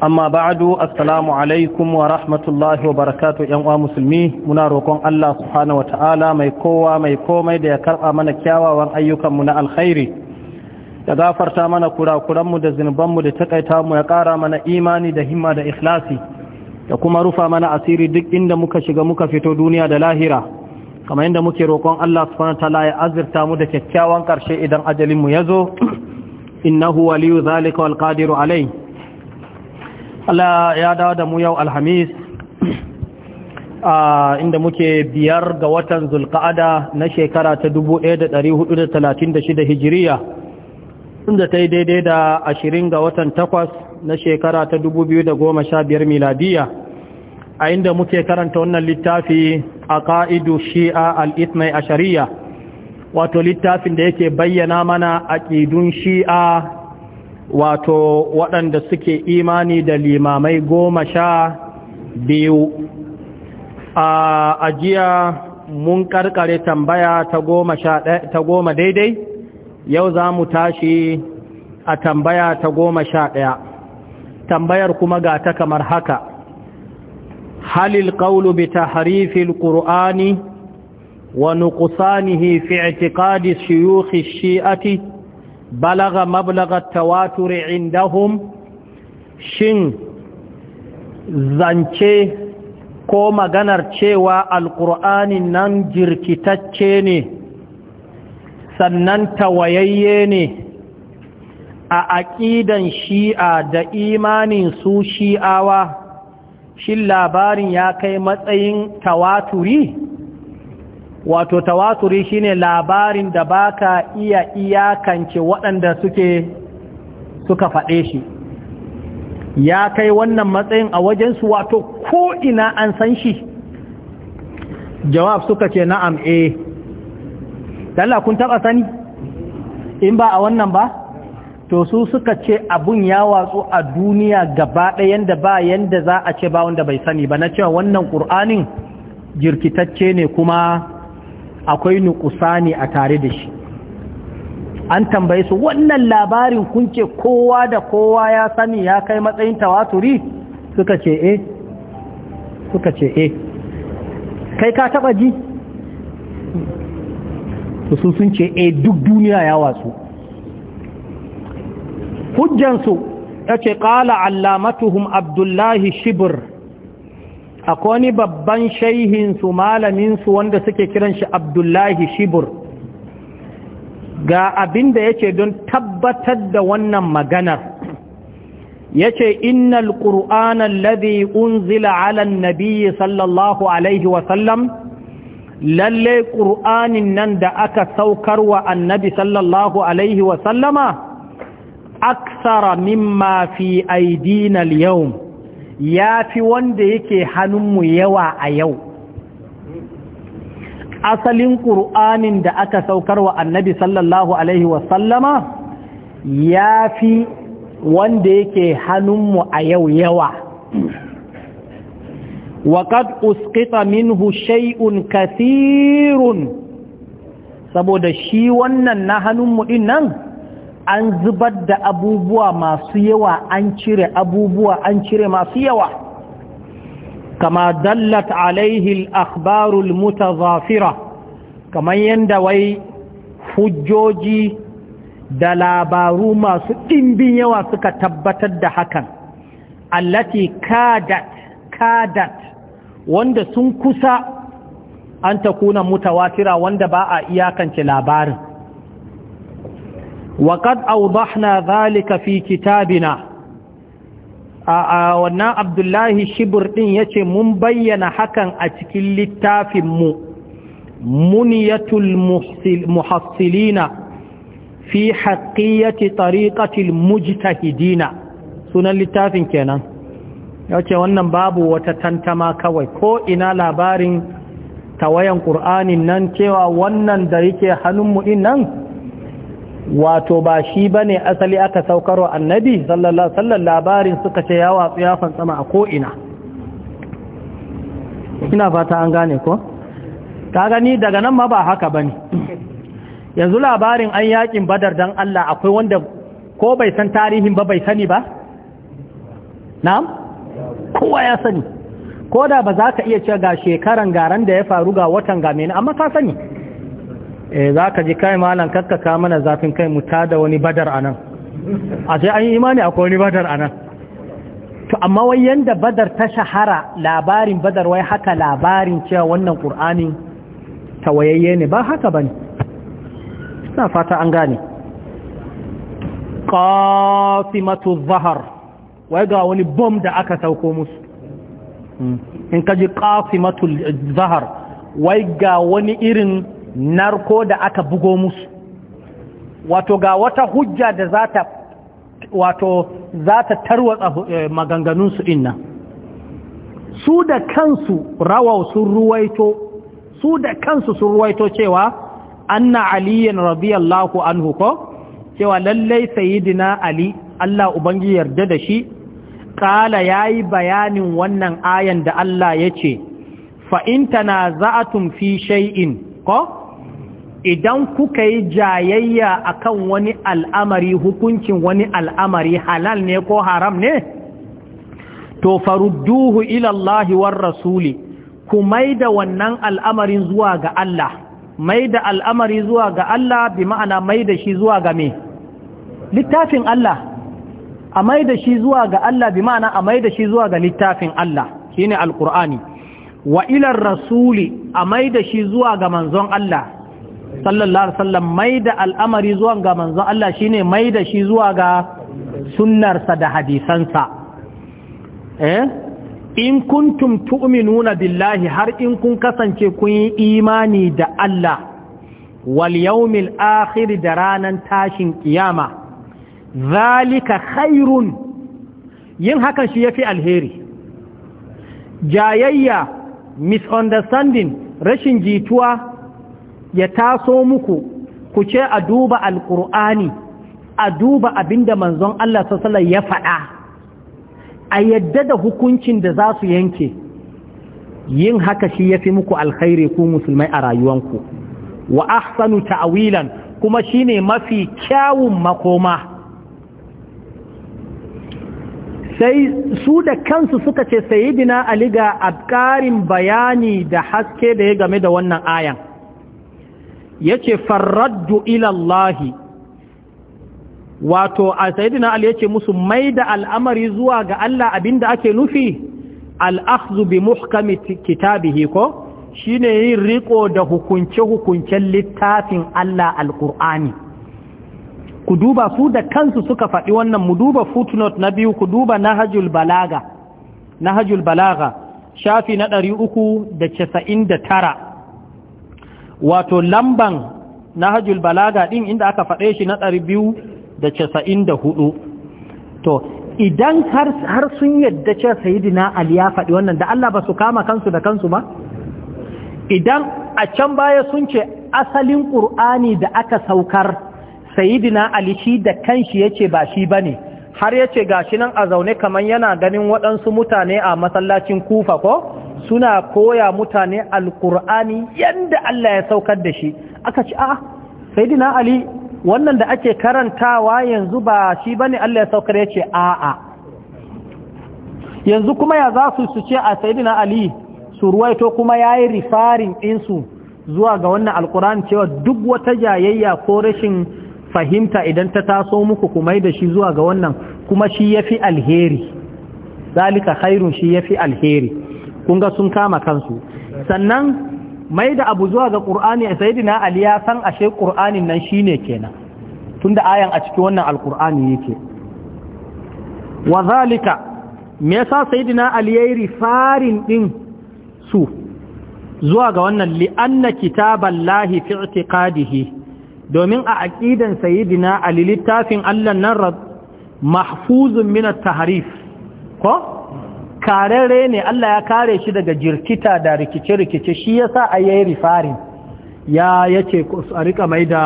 amma ba'adu assalamu alaikum wa rahmatullahi wa barakatu yan uwa musulmi muna roƙon Allah subhanahu ta'ala mai kowa mai komai da ya karɓa mana kyawawan ayyukan mu na alkhairi ya gafarta mana kurakuran mu da zinuban mu da takaita mu ya ƙara mana imani da himma da ikhlasi da kuma rufa mana asiri duk inda muka shiga muka fito duniya da lahira kamar yadda muke roƙon Allah subhanahu ya azurta mu da kyakkyawan ƙarshe idan ajalin mu zo innahu waliyu zalika wal qadiru alayhi Allah ya dawo da mu yau alhamis a ah, inda muke biyar ga watan zulka'ada na shekara ta 1436 hijiriya inda ta yi daidai da 20 ga watan takwas na shekara ta 2015 miladiya a inda muke karanta wannan littafi a ka'idu shi'a al'ithmai a shari'a wato littafin da yake bayyana mana ƙidun shi'a wato waɗanda suke imani da limamai goma sha biyu a ajiya mun ƙarƙare tambaya ta goma daidai yau za mu tashi a tambaya ta goma sha ɗaya tambayar kuma ga ta kamar haka halil ƙaulu bi harifin ƙur'ani wa nuqsanihi fi i'tiqadi shuyukh shi'ati balaga mablaga tawaturi indahum shin zance ko maganar cewa Alƙur'ani nan jirkitacce ne sannan tawayayye ne a aƙidan shi'a da imanin su shi'awa shin labarin ya kai matsayin tawaturi wato tawaturi shine labarin da baka iya iyakance waɗanda suke suka faɗe shi ya kai wannan matsayin a wajensu wato ko ina an san shi jawab suka ce na'am eh Allah kun taɓa sani in ba a wannan ba to su suka ce abun ya watsu a duniya gaba ɗaya, yanda ba yanda za a ce ba wanda bai sani ba na cewa wannan ƙur'anin jirkitacce ne kuma akwai ne a tare da shi an tambaye su wannan labarin kun ce kowa da kowa ya sani ya kai matsayin tawaturi suka ce eh suka ce eh kai ka taba ji su sun ce eh duk duniya ya watsu hujjansu ya ce ƙala allamatuhum abdullahi shibir akwai wani babban shaihinsu malaminsu wanda suke kiran shi abdullahi shibur ga abin da yake don tabbatar da wannan maganar yace innal qur'ana alladhi unzila ala an-nabiy sallallahu alaihi wa sallam lalle qur'anin nan da aka saukar wa annabi sallallahu alaihi wa sallama aksara mimma fi aidina al-yawm ya fi wanda yake hannunmu yawa a yau asalin ƙur'anin da aka saukar wa annabi sallallahu alaihi wasallama ya fi wanda yake hannunmu a yau yawa waƙad uskita minhu shay'un kathirun saboda shi wannan na hannunmu ɗin nan an zubar da abubuwa masu yawa an cire abubuwa an cire masu yawa kama dallat alaihi al'akbarul mutazafira kamar yadda wai hujjoji da labaru masu ɗimbin yawa suka tabbatar da hakan allati kadat kadat wanda sun kusa an ta kuna mutawatira wanda ba a iyakance labarin na أوضحنا fi kitabina. A'a, wannan abdullahi shibir ɗin ya ce mun bayyana hakan a cikin littafinmu muniyatul muhassilina fi haƙiyyati tariƙatil mujtahidina sunan littafin kenan ya ce wannan babu wata tantama kawai ko ina labarin tawayan ƙur'anin nan cewa wannan da yake hannunmu din nan wato ba shi ba ne asali aka saukarwa annabi sallallahu labarin suka ce ya watsu ya fantsama a ko'ina ina fata an gane ko? ta gani daga nan ma ba haka ba ne yanzu labarin an yakin badar don Allah akwai wanda ko bai san tarihin ba bai sani ba? na'am? kowa ya sani ko da ba za ka iya ce ga shekaran garan da ya faru ga watan ga mena amma ka sani eh za ka ji kai malam ka mana zafin kai mu tada wani badar anan a sai an yi imani akwai wani badar anan to amma wai yanda badar ta shahara labarin badar wai haka labarin cewa wannan qur'ani tawayayye ne ba haka bane ina fata an gane qasimatu zahar wai ga wani bom da aka sauko musu hmm. in kaji qasimatu zahar wai ga wani irin narko da aka bugo musu wato ga wata hujja da za wato za ta tarwatsa eh, maganganunsu inna su da kansu rawau sun ruwaito su da kansu sun ruwaito cewa anna aliyyan radiyallahu anhu ko cewa lallai sayidina ali Allah ubangi yarda da shi kala yayi bayanin wannan ayan da Allah yace fa in tanaza'atum fi shay'in ko idan kuka yi jayayya akan wani al'amari hukuncin wani al'amari halal ne ko haram ne to farudduhu ilallahi war rasuli ku maida wannan al'amarin zuwa ga Allah maida al'amari zuwa ga Allah bi ma'ana maida shi zuwa ga me littafin Allah a maida shi zuwa ga Allah bi ma'ana a maida shi zuwa ga littafin Allah ne alqur'ani wa ilar rasuli a maida shi zuwa ga manzon Allah sallallahu alaihi wasallam mai da al'amari zuwa ga manzon Allah shine mai da shi zuwa ga sunnarsa da hadisansa eh in kuntum tu'minuna billahi har in kun kasance kun yi imani da Allah wal yawmil akhir da ranan tashin kiyama zalika khairun yin haka shi yafi alheri jayayya misunderstanding rashin jituwa ya taso muku ku ce a duba alkur'ani a duba abinda manzon Allah sallallahu ya faɗa a yadda da hukuncin da za su yanke yin haka shi ya fi muku alkhairi ku musulmai a rayuwanku wa ahsanu ta'wilan kuma shine mafi kyawun makoma sai su da kansu suka ce sayidina ali ga abkarin bayani da haske da ya game da wannan ayan yace farraddu ilallahi wato a sayyidina Ali yace musu maida al'amari zuwa ga Allah abinda ake nufi al bi muhkami kitabihi ko shine yin riko da hukunce hukuncen littafin Allah al-Qur'ani ku duba su da kansu suka faɗi wannan mu duba footnote na biyu ku duba nahajul balaga nahajul balaga shafi na ɗari uku da casa'in da tara wato lamban na nahajul balaga ɗin inda aka faɗe shi na ɗari biyu da casa'in da hudu to idan har sun yadda ce sayidina ali ya faɗi wannan da Allah ba su kama kansu da kansu ba idan a can baya sun ce asalin ƙur'ani da aka saukar sayidina ali shi da kanshi ya ce ba shi bane har ya ce ga shi nan a zaune kamar yana ganin waɗansu mutane a masallacin kufa ko suna koya mutane alkur'ani yadda Allah ya saukar da shi aka ci a saidina ali wannan da ake karantawa yanzu ba shi bane Allah ya saukar ya ce a'a yanzu kuma ya za su su ce a saidina ali su ruwaito kuma ya yi rifarin ɗinsu zuwa ga wannan alkur'ani cewa duk wata jayayya ko rashin fahimta idan ta taso muku kuma da shi zuwa ga wannan kuma shi ya alheri zalika khairun shi ya fi alheri kun ga sun kama kansu sannan mai da abu zuwa ga sai dina ali ya san ashe ƙur'anin nan shine kenan tunda ayan a cikin wannan alkur'ani yake wa zalika me yasa dina ali yi rifarin din su zuwa ga wannan li'anna kitaballahi fi i'tiqadihi domin a aqidan sayyidina ali littafin Allah nan mahfuzun min at-tahrif ko kararre ne Allah ya kare shi daga jirkita da rikice-rikice shi ya sa a yayi rifarin ya yace a rika maida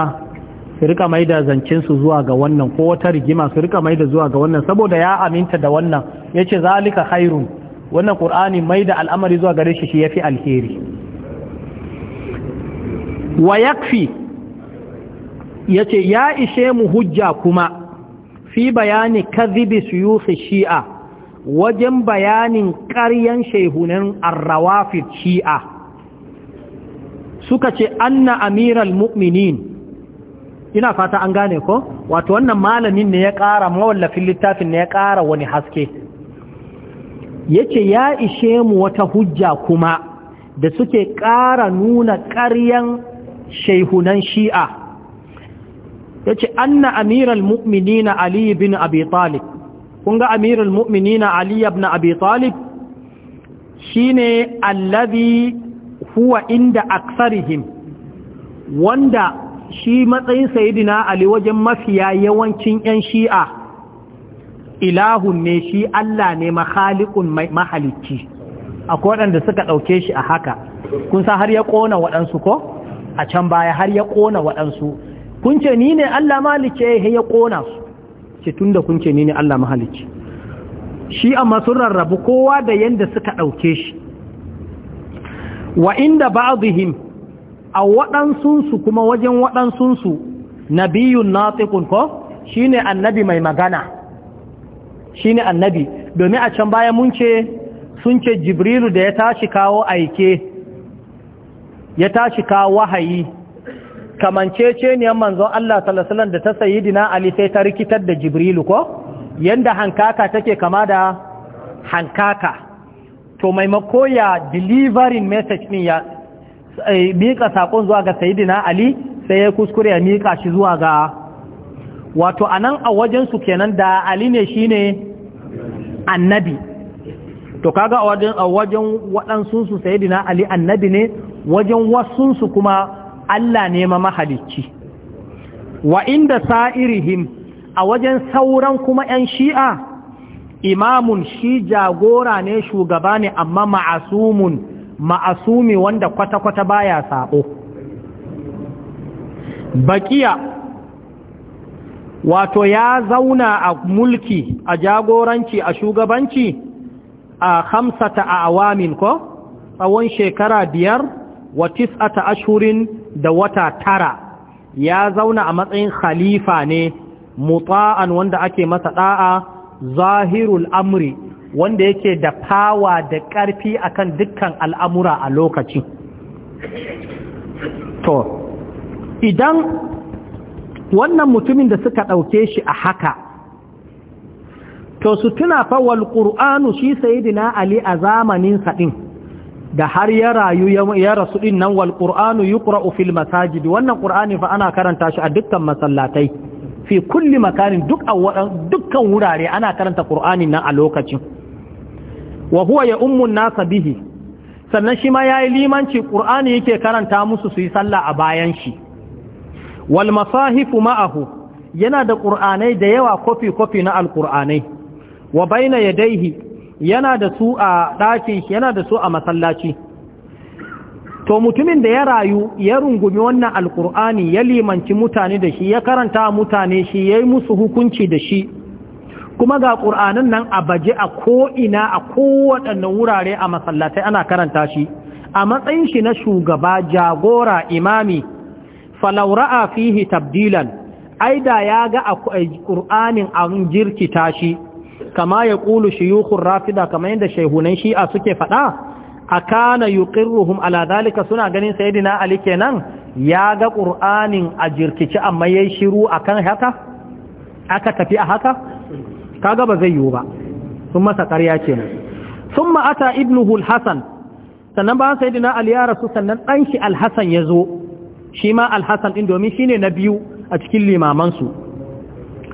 su rika maida zancensu zuwa ga wannan ko wata rigima su rika maida zuwa ga wannan saboda ya aminta da wannan ya ce zalika khairun wannan ƙur'ani maida al'amari zuwa gare shi shi ya fi alheri wa yakfi ya ce ya ishe mu hujja kuma fi bayani kadhibi suyufi shi'a wajen bayanin ƙaryan shehunan arrawafid shi'a suka ce anna amiral mu'minin ina fata an gane ko wato wannan malamin ne ya ƙara mawallafin littafin ne ya ƙara wani haske yace ya ishe mu wata hujja kuma da suke ƙara nuna ƙaryan shehunan shi'a yace anna amiral mu'minina ali bin abi talib kun ga amirul mu'minina ali ibn abi talib shine allazi huwa inda aksarihim wanda shi matsayin sayidina ali wajen mafiya yawancin yan shi'a ilahun ne shi Allah ne mahalikun mahalicci akwai waɗanda suka ɗauke shi a haka kun sa har ya ƙona waɗansu ko a can baya har ya ƙona waɗansu kun ce ni ne Allah malice ya ƙona su ce tun da kun ce ni ne Allah mahalicci shi amma sun rarrabu kowa da yanda suka ɗauke shi wa inda ba'dihim a waɗansunsu kuma wajen waɗansunsu nabiyun natiqun ko shine annabi mai magana shine annabi domin a can baya mun ce sun ce jibrilu da ya tashi kawo aike ya tashi kawo wahayi kamanceceniyar manzon Allah salasalan da ta sayidina Ali sai ta rikitar da Jibrilu ko yanda hankaka take kama da hankaka to maimako ya delivering message ɗin ya eh, mika sakon zuwa ga sayidina Ali sai ya kuskure ya mika shi zuwa ga wato anan a wajen su kenan da Ali ne shine annabi to kaga a wajen su sayidina Ali annabi ne wajen wasunsu kuma Allah ne ma mahalicci wa inda sa'irihim a wajen sauran kuma ‘yan shi'a imamun shi jagora ne shugaba ne amma ma'asumun ma'asumi wanda kwata-kwata baya sabo Baƙiya wato ya zauna a mulki a jagoranci a shugabanci a hamsata a awamin ko tsawon shekara biyar wa tis'ata ashurin da wata tara ya zauna a matsayin khalifa ne muta'an wanda ake masa da'a zahirul amri wanda yake da fawa da ƙarfi akan dukkan al'amura a lokaci to idan wannan mutumin da suka ɗauke shi a haka to su tuna fawal ƙur'anu shi sayidina ali a zamanin saɗin da har ya rayu ya rasu din nan wal qur'anu yuqra'u fil masajid wannan qur'ani fa ana karanta shi a dukkan masallatai fi kulli makanin duk a dukkan wurare ana karanta ƙur'ani nan a lokacin wa huwa ya ummun nasa bihi sannan shi ma yayi limanci qur'ani yake karanta musu su yi sallah a bayan shi wal masahifu ma'ahu yana da qur'anai da yawa kofi kofi na alqur'anai wa baina yadayhi yana da su a ɗakin shi yana da su a masallaci to mutumin da ya rayu ya rungumi wannan alkur'ani ya limanci mutane da shi ya karanta mutane shi ya yi musu hukunci da shi kuma ga ƙur'anin nan a baje a ko'ina a kowaɗannan wurare a masallatai ana karanta shi a matsayin shi na shugaba jagora imami falaura fihi tabdilan ai da ya ga a ƙur'anin an jirkita shi kama ya ƙulu shiyukhun rafida kama yadda shehunan shi'a suke faɗa a kana yuqirruhum ala suna ganin sayyidina ali kenan ya ga qur'anin a jirkici amma yayi shiru akan haka aka tafi a haka ba zai yiwu ba sun masa ƙarya kenan thumma ata ibnuhu al Hassan sannan ba sayyidina ali ya rasu sannan ɗan shi al ya zo, shi ma al-hasan din domin ne na biyu a cikin limaman su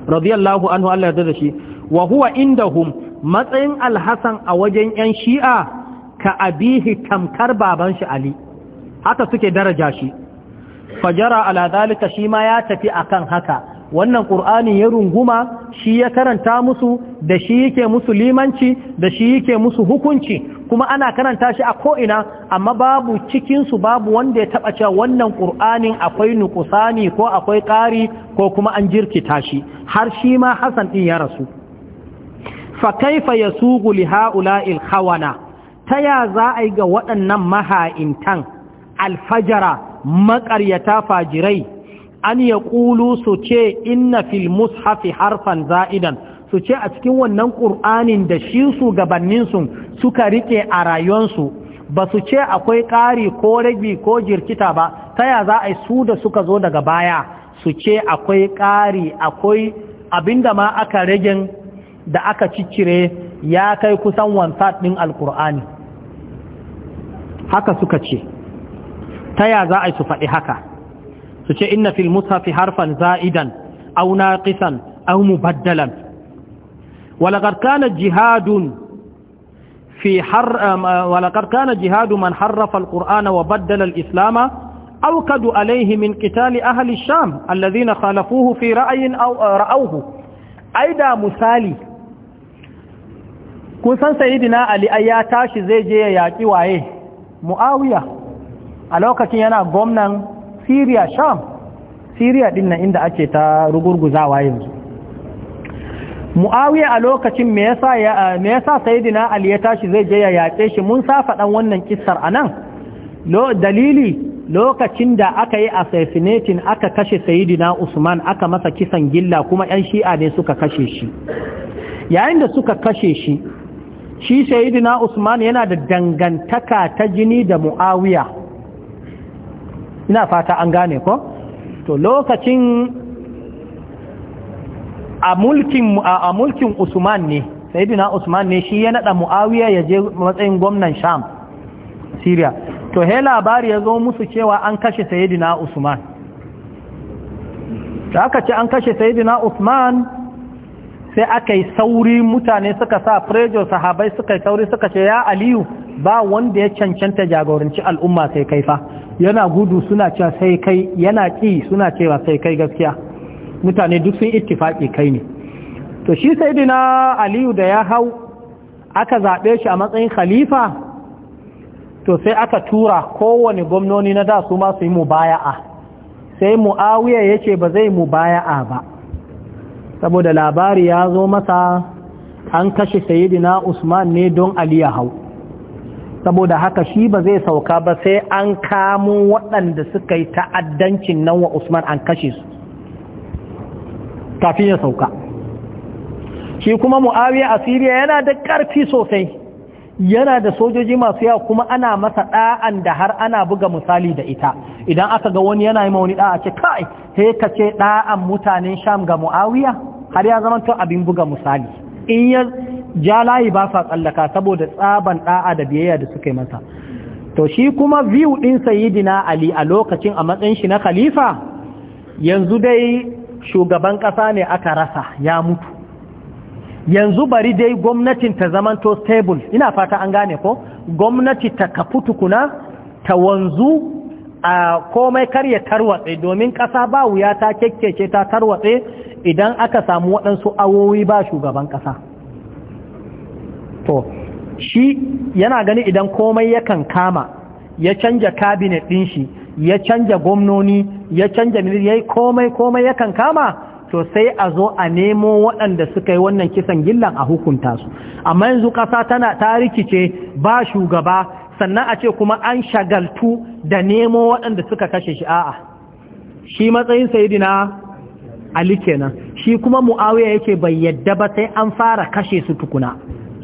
radiyallahu anhu Allah ya yarda da shi wa huwa indahum matsayin alhassan a wajen yan shi'a ka abihi tamkar baban shi ali haka suke daraja shi fajara ala zalika shi ma ya tafi akan haka wannan qur'ani ya runguma shi ya karanta musu da shi yake musu limanci da shi yake musu hukunci kuma ana karanta shi a ko'ina amma babu cikinsu babu wanda ya taɓa cewa wannan ƙur'anin akwai nukusani ko akwai ƙari ko kuma an jirkita shi har shi ma hassan ɗin ya rasu fa kaifa suku li Ula Ilhawana, ta ya za a yi ga waɗannan maha'intan alfajara maƙaryata fajirai an ya ƙulu su ce inna fil mushafi harfan za'idan su ce a cikin wannan ƙur'anin da shi su gabaninsu suka riƙe a rayuwansu ba su ce akwai ƙari ko ragi ko jirkita ba ta ya za a yi su da suka zo daga baya su ce akwai ƙari akwai abinda ma aka ragin da aka ciccire ya kai kusan wansat ɗin alkur'ani haka suka ce ta ya za a yi su faɗi haka su ce inna fil mushafi harfan za'idan au naqisan au mubaddalan walaqad kana jihadun fi har walaqad kana jihadu man harrafa alqur'ana wa baddala alislama أوكد عليه min قتال أهل الشام الذين خالفوه في رأي أو رأوه أيضا musali kun san sayidina ali ai ya tashi zai je ya yaƙi waye muawiya a lokacin yana gwamnan syria sham syria din nan inda ake ta rugurguzawa yanzu muawiya a lokacin me yasa me sayidina ali ya tashi zai je ya yaƙe shi mun sa faɗan wannan kissar anan lo dalili lokacin da aka yi assassinating aka kashe sayidina usman aka masa kisan gilla kuma yan shi'a ne suka kashe shi yayin da suka kashe shi shi sayidina usman yana da dangantaka ta jini da muawiya ina fata an gane ko to lokacin a mulkin a mulkin usman ne sayidina usman ne shi ya nada muawiya ya je matsayin gwamnan sham syria to he labari ya zo musu cewa an kashe sayidina usman da aka ce an kashe sayidina usman sai aka yi sauri mutane suka sa frejo sahabai suka yi sauri suka ce ya aliyu ba wanda ya cancanta jagoranci al'umma sai kai fa yana gudu suna cewa sai kai yana ki suna cewa sai kai gaskiya mutane duk sun ittifaki kai ne to shi sai dina aliyu da ya hau aka zaɓe shi a matsayin khalifa to sai aka tura kowane gwamnoni na da su ma su yi mubaya'a sai mu'awiya ya ce ba zai mubaya'a ba saboda labari ya zo masa an kashe sayidina usman ne don aliya hau saboda haka shi ba zai sauka ba sai an kamo waɗanda suka yi ta'addancin nan wa usman an kashe su kafin ya sauka shi kuma mu'awiya a siriya yana da ƙarfi sosai yana da sojoji masu yawa kuma ana masa ɗa'an da har ana buga misali da ita idan aka ga wani yana yi mauni ɗa'a ce kai sai ka ce ɗa'an mutanen sham ga mu'awiya har ya zama to abin buga misali in ya ja layi ba sa tsallaka saboda tsaban da'a da biyayya da suka yi masa to shi kuma view din sayyidina ali a lokacin a matsayin shi na khalifa yanzu dai shugaban kasa ne aka rasa ya mutu yanzu bari dai gwamnatin ta zamanto stable ina fata an gane ko gwamnati ta kafu tukuna ta wanzu a komai kar ya tarwatse domin kasa ba wuya ta kekkece ta tarwatse idan aka samu waɗansu awowi ba shugaban ƙasa to shi yana gani idan komai yakan kama ya canja kabinet ɗin shi ya canja gwamnoni ya canja milir ya komai komai yakan kama to sai a zo a nemo waɗanda suka yi wannan kisan gillan a hukunta su amma yanzu ƙasa tana ta rikice ba shugaba sannan a ce kuma an shagaltu da nemo waɗanda suka kashe shi a'a shi matsayin sayidina ali kenan shi kuma muawiya yake bai yadda ba sai an fara kashe su tukuna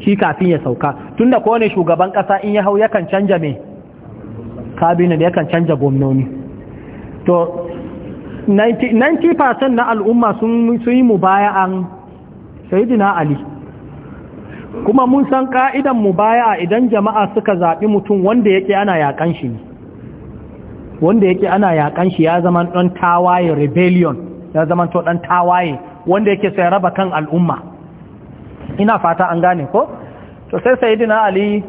shi kafin ya sauka tunda ko ne shugaban kasa in ya hau yakan canja me kabinet yakan canja gwamnoni to 90% na al'umma sun yi mubaya'an sayidina ali kuma mun san ka'idan mubaya'a idan jama'a suka zaɓi mutum wanda yake ana yakan shi ne wanda yake ana yakan shi ya zama ɗan tawaye rebellion ya zama to dan tawaye wanda yake sai raba kan al'umma ina fata an gane ko to sai sayyidina ali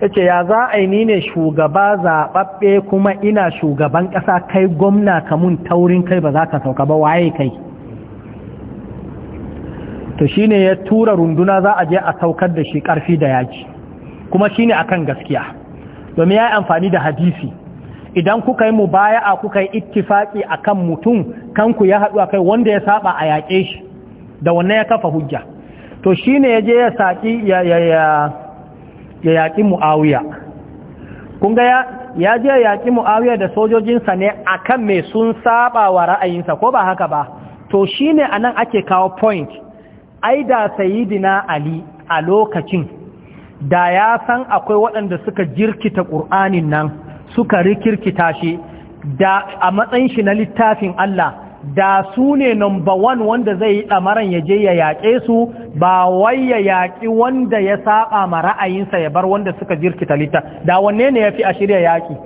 yace ya za a ni ne shugaba zababbe kuma ina shugaban kasa kai gwamna kamun taurin kai ba za ka sauka ba waye kai to shine ya tura runduna za a je a saukar da shi karfi da yaji kuma shine akan gaskiya domin ya yi amfani da hadisi idan kuka yi mubaya'a kuka yi ittifaki akan mutum kanku ya haɗu akai wanda ya saba a yaƙe shi da wannan ya kafa hujja to shine yaje ya saki ya ya ya ya yaƙi Muawiya kun ga ya ya je yaƙi Muawiya da sojojinsa ne akan me sun saba wa ra'ayinsa ko ba haka ba to shine anan ake kawo point ai da sayyidina Ali a lokacin da ya san akwai waɗanda suka jirkita ƙur'anin nan suka rikirkita shi da a matsayin shi na littafin Allah da su ne number one wanda zai yi ɗamaran ya je ya yaƙe su ba wai ya yaƙi wanda ya saɓa ma ra'ayinsa ya bar wanda suka jirkita littafin da wanne ne ya fi a shirya yaƙi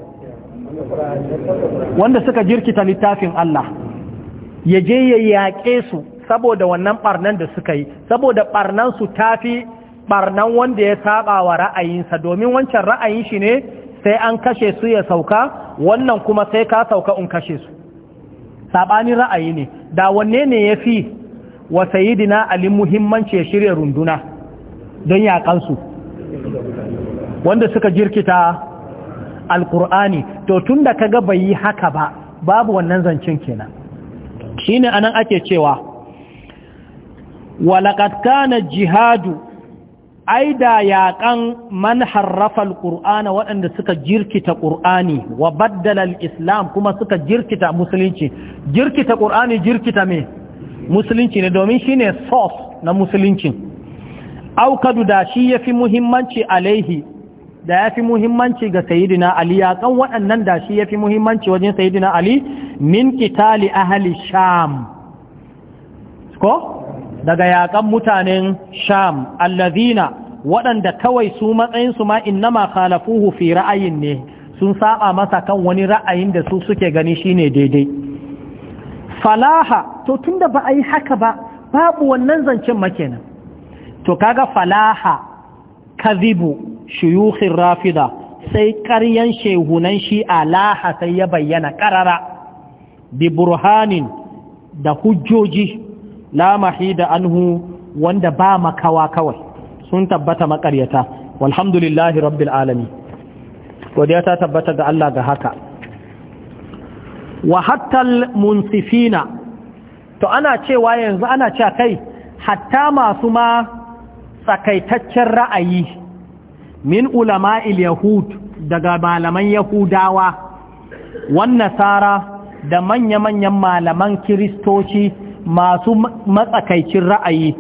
wanda suka jirkita littafin Allah ya je ya yaƙe su saboda wannan ɓarnan da suka yi saboda ɓarnan su tafi ɓarnan wanda ya saɓa wa ra'ayinsa domin wancan ra'ayin shi ne sai an kashe su ya sauka wannan kuma sai ka sauka in kashe su saɓanin ra'ayi ne da wanne ne ya fi wa sayidina ali muhimmanci ya shirya runduna don yaƙansu wanda suka jirkita alƙur'ani to tun da kaga bai yi haka ba babu wannan zancen kenan shine anan ake cewa walaƙat kana jihadu ai da yaƙan man harrafa alƙur'ana waɗanda suka jirkita ƙur'ani wa baddala islam kuma suka jirkita musulunci jirkita ƙur'ani jirkita me musulunci ne domin shi ne source na musulunci aukadu da shi ya fi muhimmanci alaihi da ya fi muhimmanci ga sayidina ali yaƙan waɗannan da shi ya fi muhimmanci wajen sayidina ali min kitali ahali sham ko daga yaƙan mutanen sham allazina waɗanda kawai su matsayin su ma ma khalafuhu fi ra'ayin ne sun saba masa kan wani ra'ayin da su suke gani shine daidai falaha to tunda ba a yi haka ba babu wannan zancen makenan to kaga falaha kazibu shuyukhin rafida sai ƙaryan shehunan shi Alaha sai ya bayyana ƙarara bi burhanin da hujjoji la mahida anhu wanda ba makawa kawai sun tabbata makaryata walhamdulillahi rabbil godiya ta tabbata ga Allah ga haka wa munsifina to ana cewa yanzu ana cewa kai hatta masu ma tsakaitaccen ra'ayi min ulama'il yahud daga malaman yahudawa wan nasara da manya-manyan malaman kiristoci masu matsakaicin ra'ayi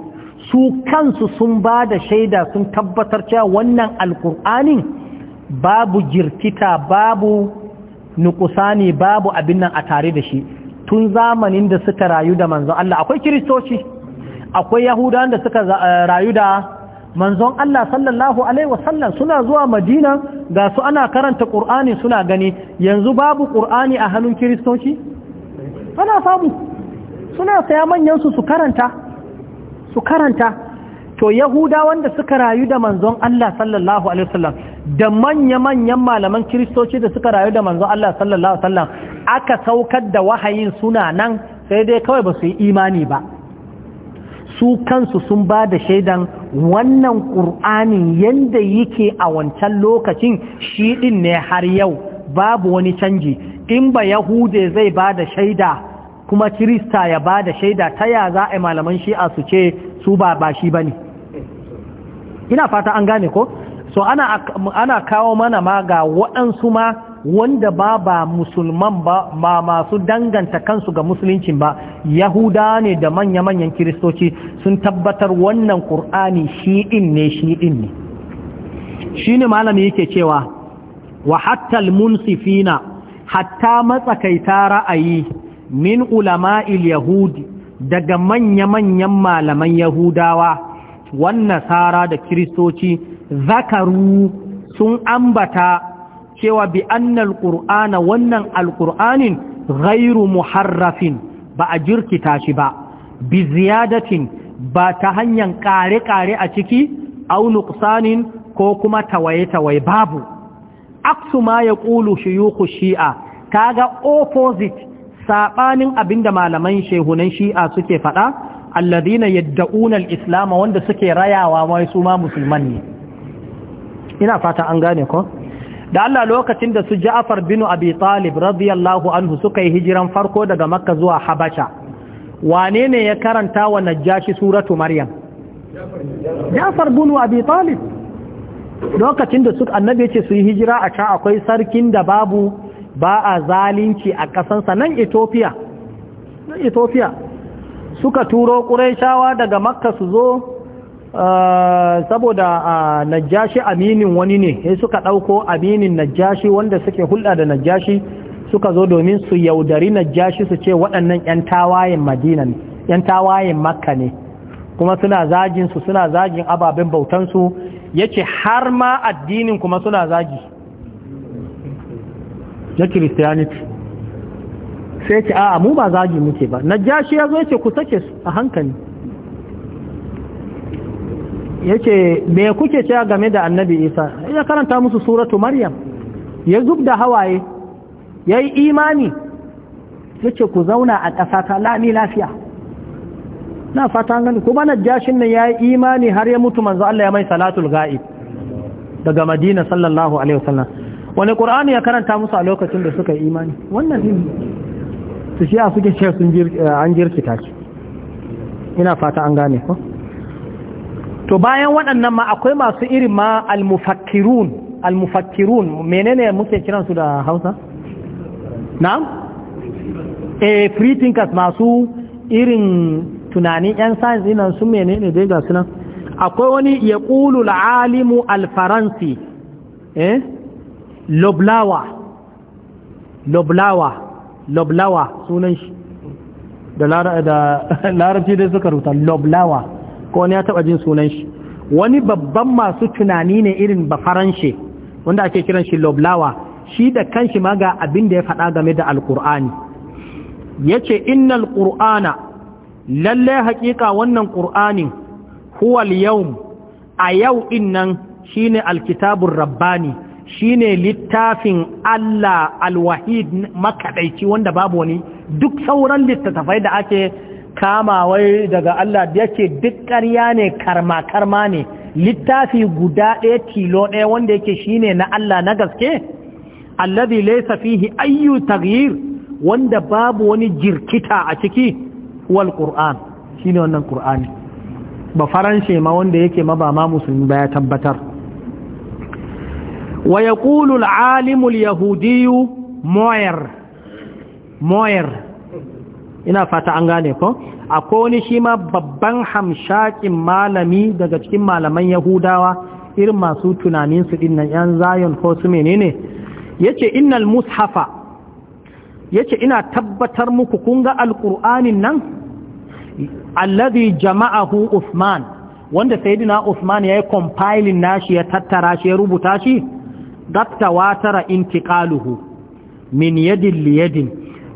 su kansu sun ba da shaida sun tabbatar cewa wannan alkur'anin babu jirkita babu ne babu abin nan a tare da shi tun zamanin da suka rayu da manzon Allah akwai kiristoci akwai yahudawan da suka eh, rayu da manzon Allah sallallahu alaihi wasallam suna zuwa madina ga su ana karanta qur'ani suna gani yanzu babu qur'ani a hannun kiristoci ana samu suna saya manyansu su karanta su karanta to yahuda wanda suka rayu da manzon Allah sallallahu alaihi wasallam da manya-manyan malaman kiristoci da suka rayu da manzon Allah sallallahu alaihi wasallam aka saukar da wahayin suna nan sai dai kawai ba su yi imani ba su kansu sun ba da shaidan wannan ƙur'anin yadda yake a wancan lokacin shi ɗin ne har yau babu wani canji in ba yahude zai ba da shaida kuma kirista ya ba da shaida ta ya za a malaman shi'a su ce su ba ba shi ba ne ina fata an gane ko so ana, kawo mana ma ga waɗansu ma wanda ba ba musulman ba ma masu danganta kansu ga musuluncin ba yahuda ne da manya-manyan kiristoci sun tabbatar wannan ƙur'ani shi'in ne shi'in ne shi ne malami yake cewa wa hatta munsifina hatta matsakaita ra'ayi min ulama'il yahudi daga manya-manyan malaman yahudawa wannan sara da kiristoci zakaru sun ambata cewa bi annal qur'ana wannan alqur'anin ghairu muharrafin ba a jirkita shi ba bi ziyadatin ba ta hanyar kare-kare a ciki aw nuqsanin ko kuma tawaye-tawaye babu aksu ma ya ƙulu shi'a kaga opposite saɓanin abinda malaman shehunan shi'a suke faɗa alladina yadda'una al-islam wanda suke rayawa mai su ma musulman ne ina fata an gane ko da Allah lokacin da su Ja'far bin Abi Talib radiyallahu anhu suka yi hijiran farko daga Makka zuwa Habasha wane ne ya karanta wa Najashi suratu Maryam Ja'far bin Abi Talib lokacin da su annabi ce su yi hijira a can akwai sarkin da babu ba a zalunci a ƙasansa nan ethiopia nan ethiopia suka turo ƙuraishawa daga makka su zo eh, saboda eh, najashi aminin wani ne sai suka ɗauko aminin najashi wanda suke hulɗa da najashi suka zo domin su yaudari najashi su ce waɗannan 'yan tawayen madina ne 'yan tawayen makka ne kuma suna zagin suna zagin ababen bautansu ya ce har ma addinin kuma suna zagi na kiristiyaniti sai ce a mu ba zagi muke ba na jashi ya zo ya ce ku sake a hankali ya ce me kuke ce game da annabi isa ya karanta musu suratu maryam ya zub da hawaye ya yi imani ya ce ku zauna a ta lami lafiya na fata gani kuma na jashin nan ya yi imani har ya mutu manzo Allah ya mai salatul ga'ib daga madina sallallahu alaihi wasallam wani ƙur'ani ya karanta musu a lokacin da suka yi imani wannan din su shi a suke ce sun eh, an jirkita ce, ina fata an gane ko to bayan waɗannan ma akwai masu irin ma almufakirun almufakirun menene muke kiransu da hausa na eh free thinkers masu irin tunani yan science dinan su menene dai ga sunan akwai wani ya yaqulu alalimu alfaransi eh loblawa loblawa loblawa sunan shi da larabci dai suka rutar loblawa ko wani ya taba jin sunan shi wani babban masu tunani ne irin bafaranshe wanda ake kiran shi loblawa shi da kanshi ma ga abin da ya faɗa game da alkur'ani ya ce innal ƙur'ana lallai haƙiƙa wannan ƙur'anin huwal yau a yau innan ne alkitabun rabbani shine littafin Allah alwahid makaɗaici wanda babu wani duk sauran littattafai da ake kamawai daga Allah da yake duk ƙarya ne karma-karma ne littafi guda ɗaya tilo ɗaya wanda yake shine na Allah na gaske allazi laysa fihi ayyu taghyir wanda babu wani jirkita a ciki wal qur'an shine wannan qur'ani ba faranshe ma wanda yake ma ba ma musulmi ba ya tabbatar wa ya ƙulul alimul yahudiyu moyar moyar ina fata an gane ko akwai wani shi ma babban hamshakin malami daga cikin malaman yahudawa irin masu tunanin su dinnan yan zayon ko su menene yace innal mushafa yace ina tabbatar muku kun ga alqur'anin nan alladhi jama'ahu usman wanda sayyidina usman yayi compiling nashi ya tattara shi ya rubuta shi dakta watara intiqaluhu min yadin liyadin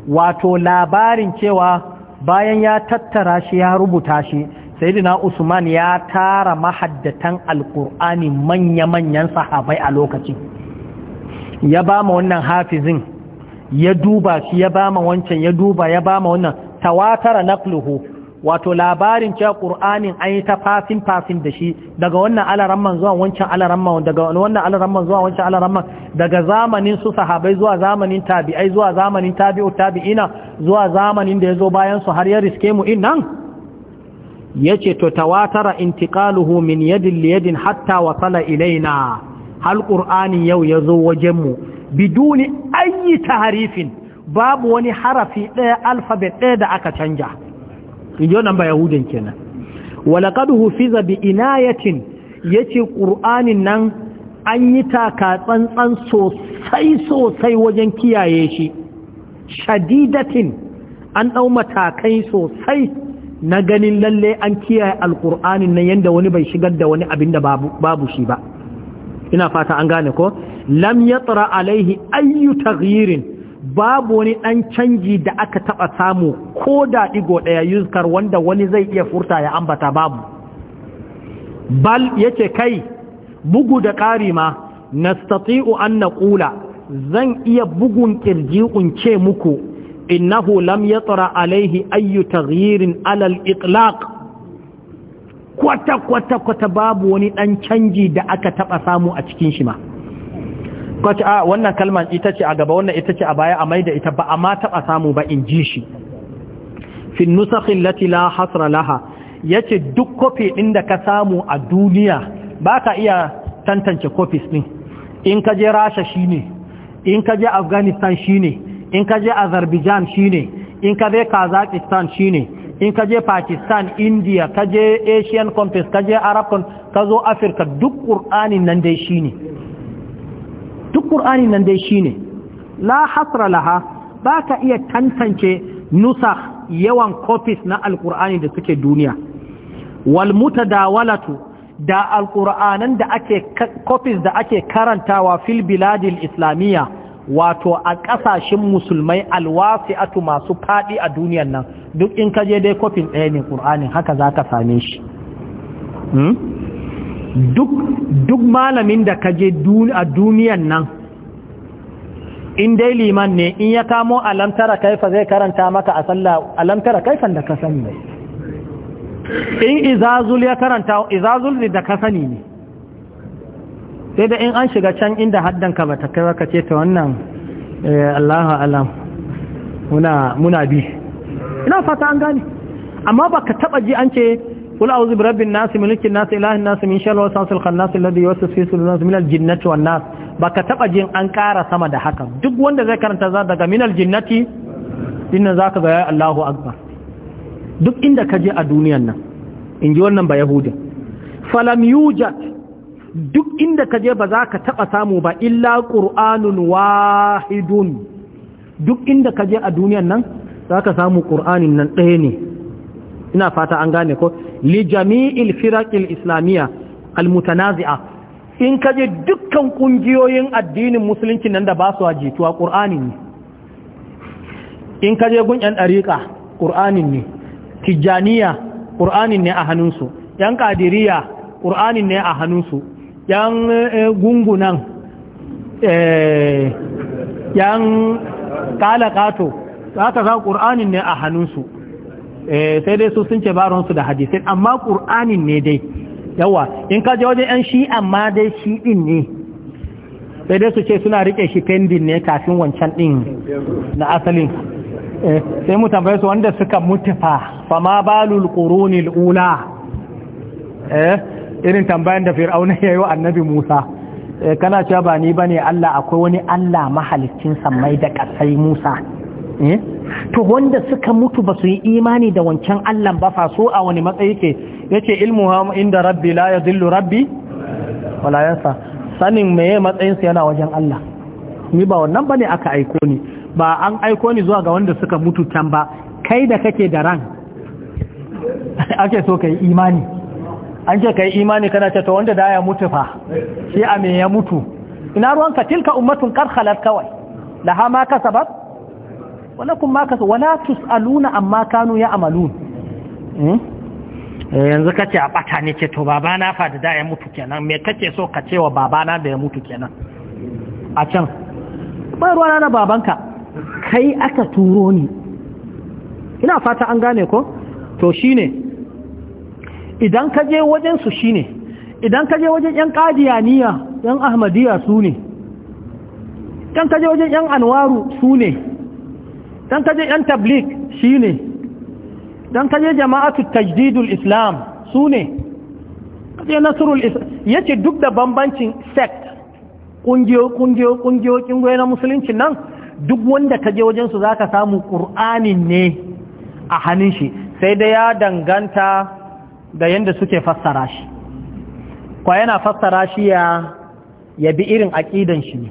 wato labarin cewa bayan ya tattara shi ya rubuta shi sayyidina usman ya tara mahaddatan alqur'ani manya-manyan sahabai a lokaci. ya bama wannan hafizin ya duba shi ya bama wancan ya duba ya bama wannan tawatara naqluhu wato labarin cewa qur'anin an yi ta fasin fasin da shi daga wannan alaramman zuwa wancan alaramman daga wannan alaramman zuwa wancan alaramman daga zamanin su sahabai zuwa zamanin tabi'ai zuwa zamanin tabi'u tabi'ina zuwa zamanin da ya zo bayan su har ya riske mu in nan yace to tawatara intiqaluhu min yadin li yadin hatta wasala ilaina hal qur'ani yau ya zo wajen mu biduni ayi taharifin babu wani harafi ɗaya alfabet ɗaya da aka canja in wannan ba yahudin kenan walaqad hufiza bi inayatin yace qur'anin nan an yi taka tsantsan sosai sosai wajen kiyaye shi shadidatin an dau matakai sosai na ganin lalle an kiyaye alqur'anin nan yanda wani bai shigar da wani abin da babu babu shi ba ina fata an gane ko lam yatra alaihi ayyu taghyirin babu wani ɗan canji da aka taɓa samu ko da ɗigo ɗaya yuzkar wanda wani zai iya furta ya ambata babu bal yace kai bugu da ƙari ma nastati'u an ƙula. zan iya bugun kirji unce muku innahu lam ya yatra alaihi ayyu taghyirin alal itlaq kwata kwata kwata babu wani ɗan canji da aka taɓa samu a cikin shi ma kwace a wannan kalmar ita ce a gaba wannan ita ce a baya a maida ita ba amma taba samu ba in ji shi fi nusakh allati la hasra laha yace duk kofi ɗin da ka samu a duniya ba ka iya tantance kofis din in ka je Rasha shine in ka je Afghanistan shine in ka je Azerbaijan shine in ka je Kazakhstan shine in ka je pakistan india ka je asian countries, ka je arab ka zo afirka duk ƙur'anin nan dai shi ne duk ƙur'ani nan dai shine la hasra laha ba ka iya tantance nusa yawan copies na alƙur'ani da suke duniya wal mutadawalatu da alƙur'anan da ake copies da ake karantawa fil biladil islamiyya wato a ƙasashen musulmai alwasi'atu masu faɗi a duniyan nan duk in ka je dai kofin ɗaya ne ƙur'anin haka za ka same shi hmm? duk duk malamin da kaje a duniyan nan in dai liman ne in ya kamo alamtara kaifa zai karanta maka a sallah alamtara kaifan da ka sani in izazul ya karanta izazul da ka sani ne sai da in an shiga can inda haddanka ba ta kai ka ce ta wannan eh, Allahu alam muna muna bi ina fata an gane amma baka taba ji an ce قل أعوذ برب الناس ملك الناس إله الناس من شر الوسواس الخناس الذي يوسوس في صدور الناس من الجنة والناس baka taba jin an ƙara sama da haka duk wanda zai karanta za daga minal jinnati dinnan zaka ga ya Allahu akbar duk inda ka je a duniyan nan in ji wannan ba yahuda falam yujat duk inda ka je ba za ka taba samu ba illa qur'anun wahidun duk inda ka je a duniyan nan za ka samu qur'anin nan ɗaya ne ina fata an gane ko li jami'il firaqil islamiyya al mutanazi'a in kaje dukkan kungiyoyin addinin musulunci nan da ba su jituwa qur'anin ne in kaje gun yan dariqa qur'anin ne tijaniya qur'anin ne a hannunsu yan kadiriya qur'anin ne a hannunsu yan eh, gungunan yan eh, kalakato za ka za ƙur'anin ne a hannunsu Eh, sai dai su sun ce baronsu da hadisai amma ƙur'anin ne dai yawa in ka je wajen yan shi amma dai shi ɗin ne sai dai su ce suna riƙe shi pending ne kafin wancan ɗin na asalin eh, sai mu tambaye su wanda suka mutufa fa ma balul qurunil ula eh, irin tambayan da fir'auna ya yi wa annabi musa kana cewa ba ni bane Allah akwai wani Allah mahalicin samai da ƙasai Musa to wanda suka mutu ba su yi imani da wancan Allah ba fa so a wani matsayi ke yace ilmu hamu inda rabbi la yadhillu rabbi wala yansa sanin meye matsayin sa yana wajen Allah ni ba wannan bane aka aiko ni ba an aiko ni zuwa ga wanda suka mutu can ba kai da kake da ran ake so kai imani an ce kai imani kana ce to wanda da ya mutu fa shi a me ya mutu ina ruwanka tilka ummatun kar khalat kawai laha ma kasabat walakum ma kasu wala tusaluna amma kanu ya amalu hmm? eh, yanzu kace a bata ne ce to baba na fa da ya mutu kenan me kace so ka ce wa baba na da ya mutu kenan a can ba ruwa na babanka kai aka turo ni ina fata an gane ko to shine idan ka je wajen su shine idan ka je wajen yan qadiyaniya yan ahmadiyya su ne idan ka je wajen yan anwaru su ne dan kaje yan tablik shi ne dan kaje jama'atu tajdidul islam su kaje nasrul islam yace duk da bambancin sect kungiyo kungiyo kungiyo kungiyo na musulunci nan duk wanda kaje wajen su zaka samu qur'anin ne a hannun shi sai da ya danganta da yanda suke fassara shi kwa yana fassara shi ya ya bi irin aqidan shi ne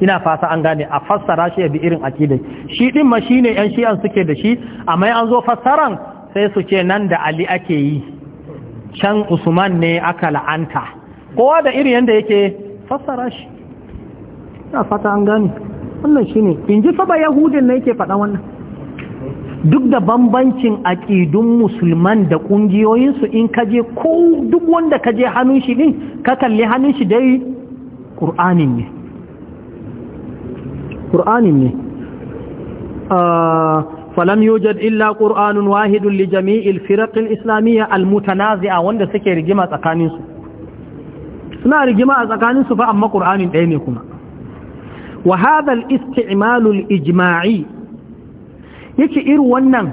ina fata an gane a fassara shi bi irin akidai shi din ma shine yan shi'an suke da shi amma an zo fassaran sai su ce nan da ali ake yi can usman ne aka la'anta kowa da irin yanda yake fassara shi ina fata an gane wannan shine in ji saba yahudin ne yake faɗa wannan duk da bambancin aƙidun musulman da ƙungiyoyinsu in ka je ko duk wanda ka je hannun shi ɗin ka kalli hannun shi dai ƙur'anin ne ƙur'anin ne ah, falam yujad illa ƙur'anun wahidun li jami'il firaqil islamiyya mutanazia wanda suke rigima tsakanin su suna rigima a tsakanin su fa amma ƙur'anin ɗaya ne kuma wa hadha isti'malul ijmai yake irin wannan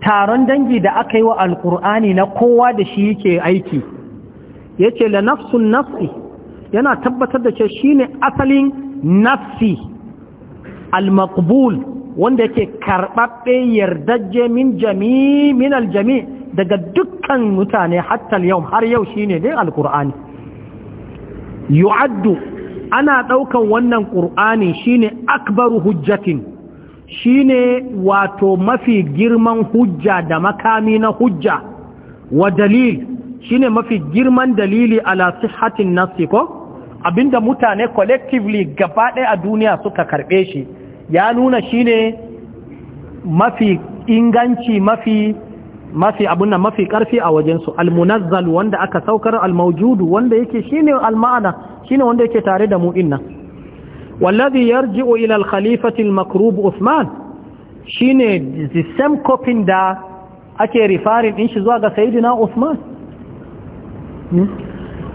taron dangi da aka yi wa alkur'ani na kowa da shi yake aiki Yace la nafsun nafsi yana tabbatar da ce shine asalin nafsi al-maqbul wanda yake karɓaɓɓe yardajje min jami min aljami daga dukkan mutane hatta yau har yau shine dai alqur'ani yu'addu ana ɗaukan wannan qur'ani shine akbaru hujjatin shine wato mafi girman hujja da makami na hujja wa dalil shine mafi girman dalili ala sihhatin ko abinda mutane collectively gaba ɗaya a duniya suka karɓe shi ya nuna shine mafi inganci mafi mafi abun mafi karfi a wajensu almunazzal wanda aka saukar almaujudu wanda yake shine alma'ana ne wanda yake tare da mu inna wallazi ilal khalifatil alkhalifati Usman shi shine the same copying da ake rifarin din shi zuwa ga sayyidina Usman. Hmm?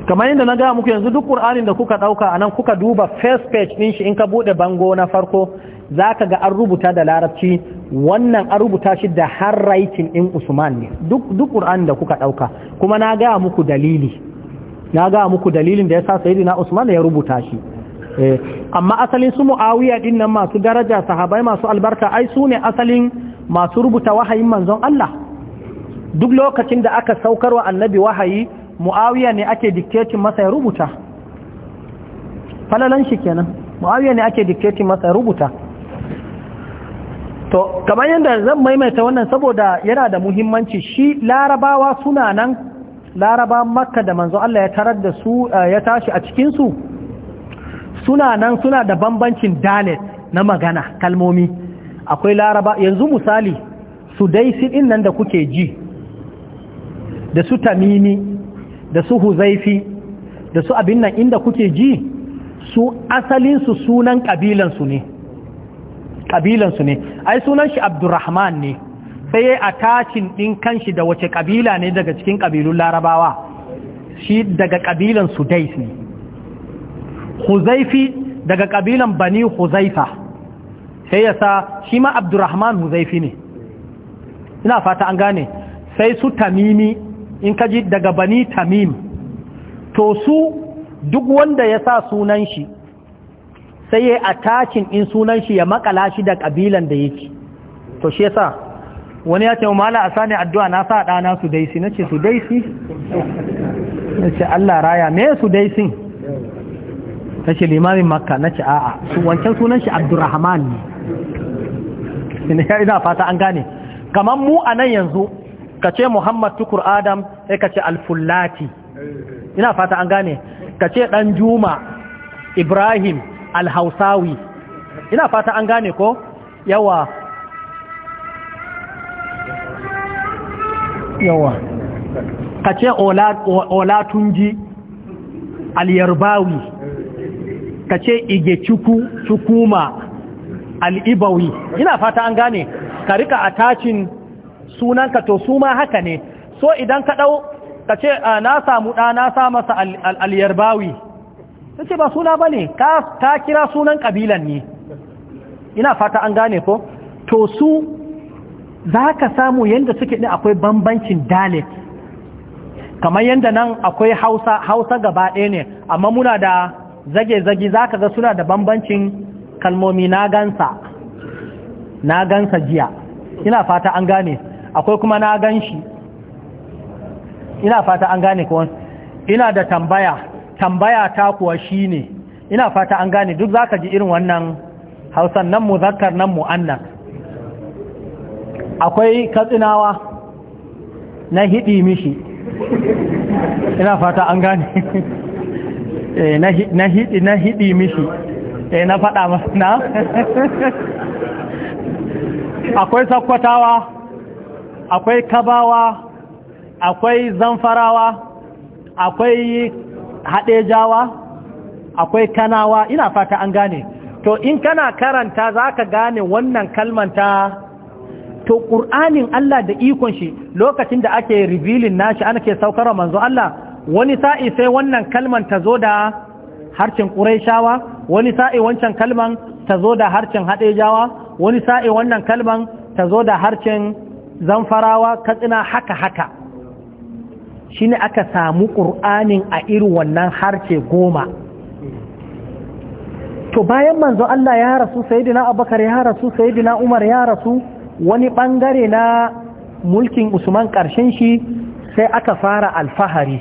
kamar yadda na gaya muku yanzu duk ƙur'anin da kuka ɗauka a nan kuka duba first page ɗin shi in ka buɗe bango na farko za ka ga an rubuta da larabci wannan an rubuta shi da har raitin ɗin usman ne duk ƙur'anin da kuka ɗauka kuma na gaya muku dalili na gaya muku dalilin da ya sa na usman ya rubuta shi eh, amma asalin su mu'awiya ɗin nan masu daraja sahabai masu albarka ai su ne asalin masu rubuta wahayin manzon Allah duk lokacin da aka saukar wa annabi wahayi mu'awiya ne ake dikketin masa ya rubuta falalan shi kenan mu'awiya ne ake diktatin masa ya rubuta to kamar yadda zan maimaita wannan saboda yana da muhimmanci shi larabawa suna nan laraba makka da manzo Allah ya tarar da su eh, ya tashi a cikinsu? suna nan suna da bambancin dalet na magana kalmomi akwai laraba yanzu misali su daisi din nan da kuke ji da su tamimi da su huzaifi da su abin nan inda kuke ji su asalinsu sunan kabilansu ne kabilansu ne ai sunan shi abdurrahman ne sai ya attachin din kanshi da wace kabila ne daga cikin kabilun larabawa shi daga ƙabilan sudais ne huzaifi daga ƙabilan bani huzaifa sai ya sa shi ma abdurrahman huzaifi ne ina fata an gane sai su tamimi in ka ji daga bani tamim to su duk wanda ya sa sunan shi sai ya attachin in sunan shi ya makala shi da kabilan da yake to shi yasa wani ya ce mala a sani addu'a na sa dana su daisi na ce su daisi na ce Allah raya me su daisin ta ce limamin makka na ce a'a wancan sunan shi abdurrahman ne ina fata an gane kamar mu a nan yanzu ka ce muhammad tukur adam sai ka ce alfullati ina fata an gane ka ce ɗan juma ibrahim alhausawi ina fata an gane ko yawa yawa ka ce olatunji alyarbawi ka ce igecuku cukuma al'ibawi ina fata an gane ka rika tashin sunanka to su ma haka ne so idan ka ɗau ka ce ah, na samu ɗa na sa masa al-yarbawi ta ce ba suna ba ne ka kira sunan ƙabilan ne ina fata an gane ko to su za ka samu yadda suke ɗin akwai bambancin dalit kamar yadda nan akwai hausa hausa gaba ɗaya ne amma muna da zage-zage za ka ga suna da bambancin kalmomi na gansa na gansa jiya ina fata an gane akwai kuma na gan shi ina fata an gane kuwa ina da tambaya tambaya ta kuwa shi ne ina fata an gane duk zaka ji irin wannan hausan nan mu zakar nan mu annan akwai katsinawa na hidi mishi ina fata an gane eh, na hidi na hidi mishi eh na fada na akwai sakwatawa. akwai kabawa akwai zamfarawa akwai haɗejawa akwai kanawa ina fata an gane to in kana karanta za ka gane wannan kalmanta to ƙur'anin Allah da ikon shi lokacin da ake revealing nashi ana ke saukar manzo Allah wani sa'i sai wannan kalman ta zo da harcin ƙuraishawa wani sa'i wancan kalman ta zo da harcin haɗejawa wani sa'i wannan kalman ta zo da harcin zamfarawa katsina haka haka shi ne aka samu ƙur'anin a irin wannan harce goma to bayan manzo Allah ya rasu dina Abakar ya rasu dina umar ya rasu wani ɓangare na mulkin usman ƙarshen shi sai aka fara alfahari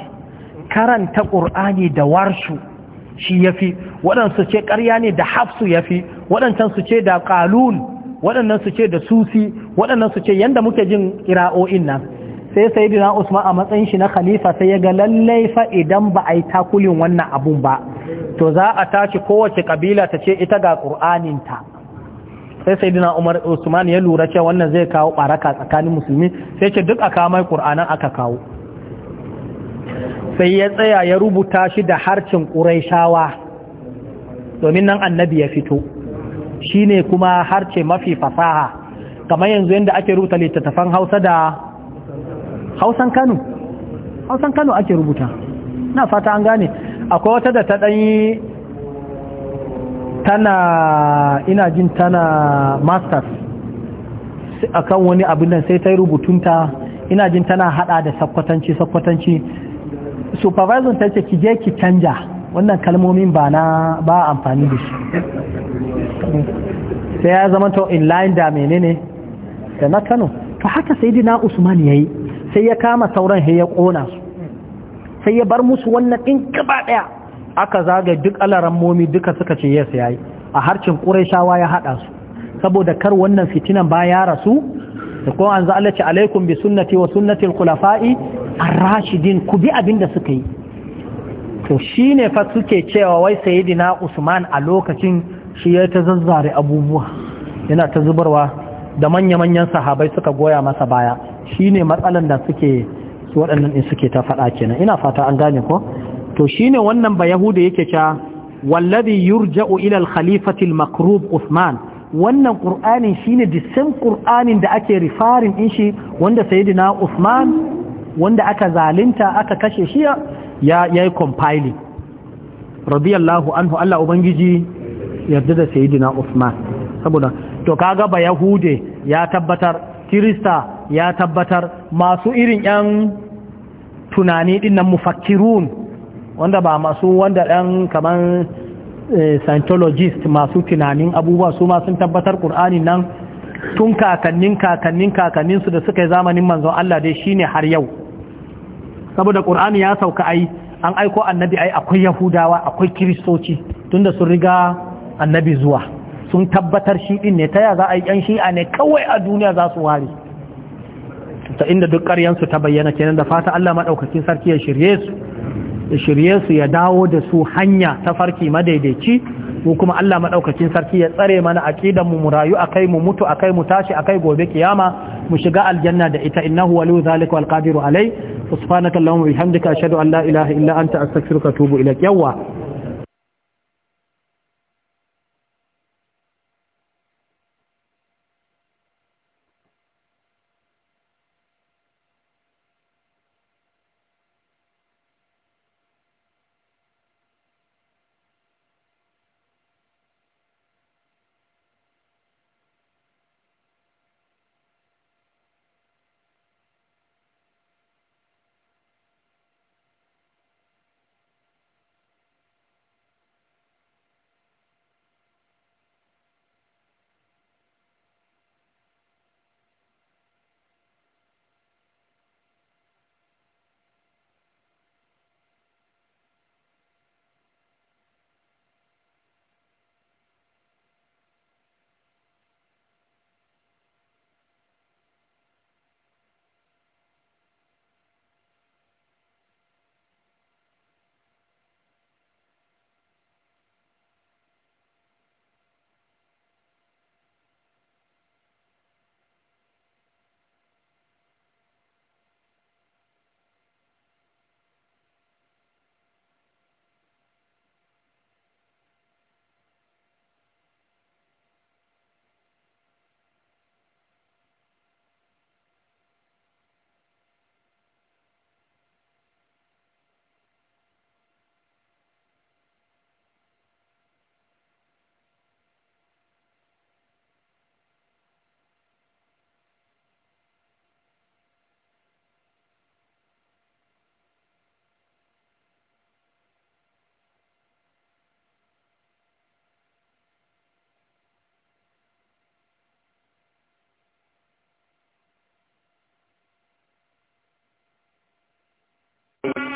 karanta ƙur'ani da warshu shi ya fi waɗansu ce ƙarya ne da hafsu ya fi waɗancan su ce da ƙalun waɗannan su ce da susi waɗannan su ce yadda muke jin kira'o'in nan sai sayyidina Usman a matsayin shi na khalifa sai ya ga lallai fa idan ba a yi takulin wannan abun ba to za a tashi kowace kabila ta ce ita ga ƙur'aninta sai sai sayyidina Umar Usman ya lura cewa wannan zai kawo baraka tsakanin musulmi sai ce duk aka mai ƙur'anan aka kawo sai ya tsaya ya rubuta shi da harcin ƙurai shawa domin nan annabi ya fito shine kuma harce mafi fasaha kamar yanzu yadda ake rubuta littattafan hausa da hausan kano hausan kano ake rubuta na fata an gane akwai wata da ta ɗanyi tana ina jin tana masters a kan wani abin nan sai ta yi rubutunta ina jin tana hada da sakwatanci sakwatanci supervisor ta ce ki je ki canja wannan kalmomin ba na ba amfani da shi sai ya zama to in line da menene da na Kano to haka sayyidina Usman yayi sai ya kama sauran he ya kona su sai ya bar musu wannan din gaba daya aka zaga duk alaran momi duka suka ce yes yayi a harcin Qurayshawa ya haɗa su saboda kar wannan fitinan ba ya rasu da kuma an Allah ce alaikum bi sunnati wa sunnati al-khulafa'i ar-rashidin ku bi abinda suka yi to shine fa suke cewa wai sayyidina Usman a lokacin shi ya ta zazzare abubuwa yana ta zubarwa da manya-manyan sahabai suka goya masa baya shi ne matsalan da suke waɗannan in suke ta faɗa kenan ina fata an gane ko to shi ne wannan ba yahuda yake cewa wallazi yurja'u ila al-khalifati al-makrub Uthman wannan qur'anin shine the same qur'anin da ake rifarin in shi wanda sayyidina Usman wanda aka zalinta aka kashe shi ya yayi compiling radiyallahu anhu Allah ubangiji yarda da sayidina Usman saboda to kaga ba yahude ya tabbatar kirista ya tabbatar masu irin yan tunani dinnan mufakkirun wanda ba masu wanda dan kaman eh, scientologist masu tunanin abubuwa su ma sun tabbatar qur'ani nan tun kakannin kakannin kakannin su da suka yi zamanin manzon Allah dai shine har yau saboda qur'ani ya sauka ai an aiko annabi ai akwai yahudawa akwai kiristoci tunda sun riga annabi zuwa sun tabbatar shi din ne ta ya za a yi yan shi'a ne kawai a duniya za su ware ta inda duk ƙaryansu ta bayyana kenan da fata Allah maɗaukakin sarki ya shirye su ya shirye su ya dawo da su hanya ta farki madaidaici mu kuma Allah maɗaukakin sarki ya tsare mana aqidan mu murayu akai mu mutu akai mu tashi akai gobe kiyama mu shiga aljanna da ita innahu waliyu zalika wal qadiru alai subhanaka allahumma bihamdika ashhadu an la ilaha illa anta astaghfiruka wa atubu ilaik yawa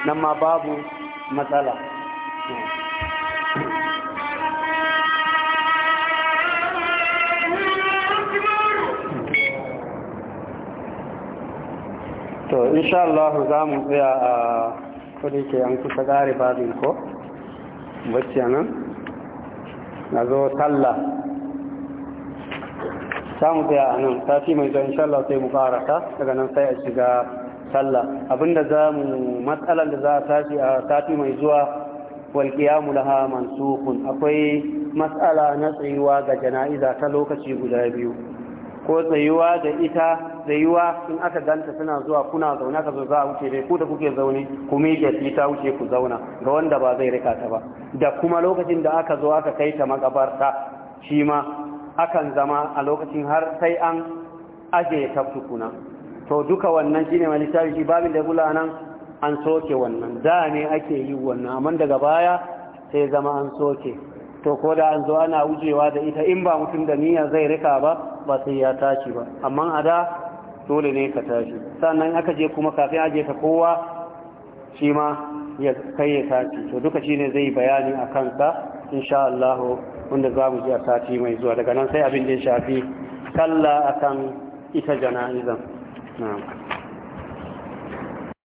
nan ma babu matsala to insha Allah za mu tsaya a kudi ke an kusa gari babin ko bacci nan na zo talla za mu tsaya a nan fi mai zo insha Allah sai mu ƙarata, daga nan sai a shiga sallah abinda za mu matsalar da za a tashi a sati mai zuwa wal qiyamu laha mansukun akwai matsala na tsayuwa ga jana'iza ta lokaci guda biyu ko tsayuwa da ita tsayuwa in aka ganta suna zuwa kuna zaune ka zo za a wuce dai ku da kuke zaune ku miƙe su ta wuce ku zauna ga wanda ba zai rika ta ba da kuma lokacin da aka zo aka kai ta makabarta shi ma akan zama a lokacin har sai an ajiye ta tukuna to duka wannan shine mai littafi shi babin da gula nan an soke wannan da ne ake yi wannan amma daga baya sai zama an soke to ko da an zo ana wujewa da ita in ba mutum da niyya zai rika ba ba sai ya tashi ba amma a da dole ne ka tashi sannan aka je kuma kafin aje ta kowa shi ma ya kai ya tashi to duka shine zai bayani a kansa insha Allah wanda za mu ji a sati mai zuwa daga nan sai abin da ya shafi kalla akan ita jana'izan 嗯。